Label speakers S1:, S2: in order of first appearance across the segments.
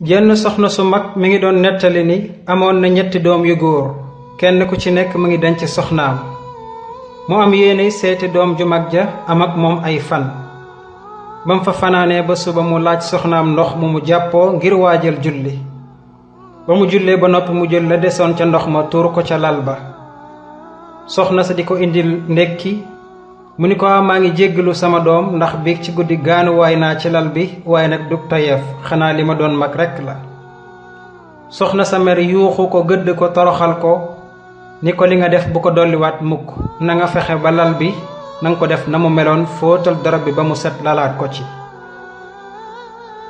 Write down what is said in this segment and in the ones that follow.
S1: jenn soxna su mag mi ngi doon nettali ni amoon na ñetti doom yu góor kenn ku ci nekk mu ngi denc soxnaam mu am yéene seeti doom ju mag ja am ak moom ay fan bam fa fanaanee ba suba mu laaj soxnaam ndox mu mu jàppoo ngir waajal julli ba mu jullee ba noppi mu jël la desoon ca ndox ma tuur ko ca lal ba soxna sa di ko indil ndekki mu ni ko maa ngi sama dom, ndax biig ci guddi gaanuwaay naa ci lal bi waaye nag dug tayef xanaa li ma doon mag rekk la soxna sa mer yuuxu ko gëdd ko toroxal ko ni ko li nga def bu ko dolliwaat mukk na nga fexe ba lal bi ko def na mu meloon fóotal darab bi ba mu set lalaat ko ci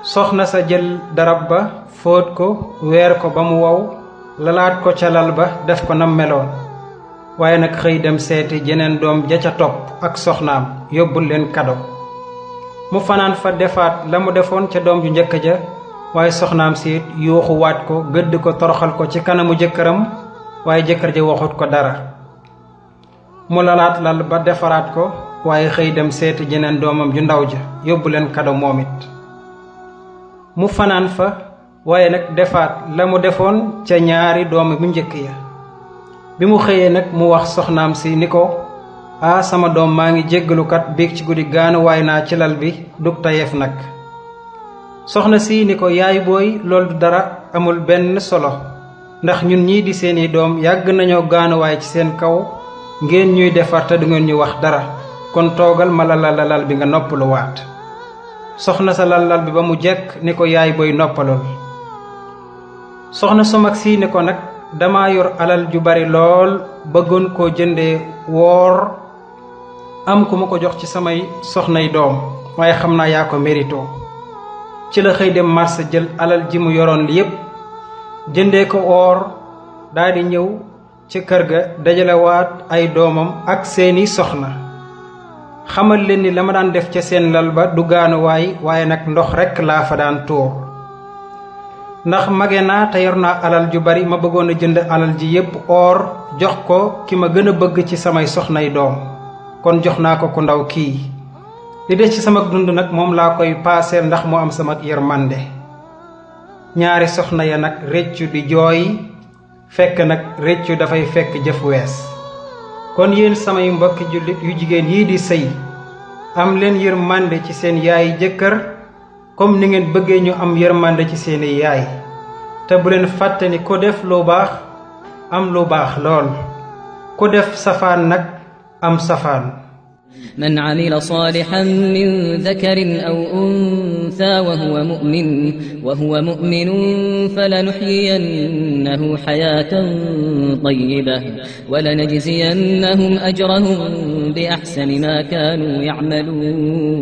S1: soxna sa jël darab ba fóot ko weer ko ba mu wow lalaat ko ca lal ba def ko nam meloon waaye nag xëy dem seeti jeneen doom ja ca topp ak soxnaam yóbbul leen kado mu fanaan fa defaat la mu defoon ca doom ju njëkk ja waaye soxnaam siit yuuxu waat ko gëdd ko toroxal ko ci kanamu jëkkëram waaye jëkkër ja waxut ko dara mu lalaat lal ba defaraat ko waaye xëy dem seeti jeneen doomam ju ndaw ja yóbbu leen kado moom mu fanaan fa waaye nag defaat la mu ca ñaari doom bu njëkk ya bi mu xëyee nag mu wax soxnaam si ni ko ah sama doom maa ngi jéggalukat biig ci guddi gaanuwaay naa ci lal bi dug tayeef nag soxna si ni ko yaay booy loolu du dara amul benn solo ndax ñun ñii di seeni doom yàgg nañoo gaanuwaay ci seen kaw ngeen ñuy defar te du ngeen ñu wax dara kon toogal ma lal bi nga waat soxna sa lal bi ba mu jekk ni ko yaay booy noppalul soxna su si ni ko nag dama yor alal ju bari lool bëggoon koo jënde woor am ku ma ko jox ci samay soxnay doom waaye xam naa yaa ko mérito ci la xëy dem marché jël alal ji mu yoroon yépp jëndee ko woor daldi ñëw ca kër ga dajalewaat ay doomam ak seeni soxna xamal leen ni la ma daan def ca seen lal ba du gaanuwaay waaye nag ndox rekk laa fa daan tuur ndax mage naa te yor naa alal ju bari ma bëggoon a jënd alal ji yépp or jox ko ki ma gën a bëgg ci samay soxnay doom kon jox naa ko ku ndaw kii li des ci sama dund nag moom laa koy paaseel ndax mu am sama mànde ñaari soxna nag réccu di jooy fekk nag réccu dafay fekk jëf wees kon yéen samay mbokki yu jigéen yii di sëy am leen mànde ci seen yaayi jëkkër comme ni ngeen bëggee ñu am yërmande ci seen yaay te bu leen fàtte ni ko def lo bax am lo bax lool ko def safaan nak am safaan من عمل صالحا من ذكر أو أنثى وهو مؤمن وهو مؤمن فلنحيينه حياة طيبة ولنجزينهم أجرهم بأحسن ما كانوا يعملون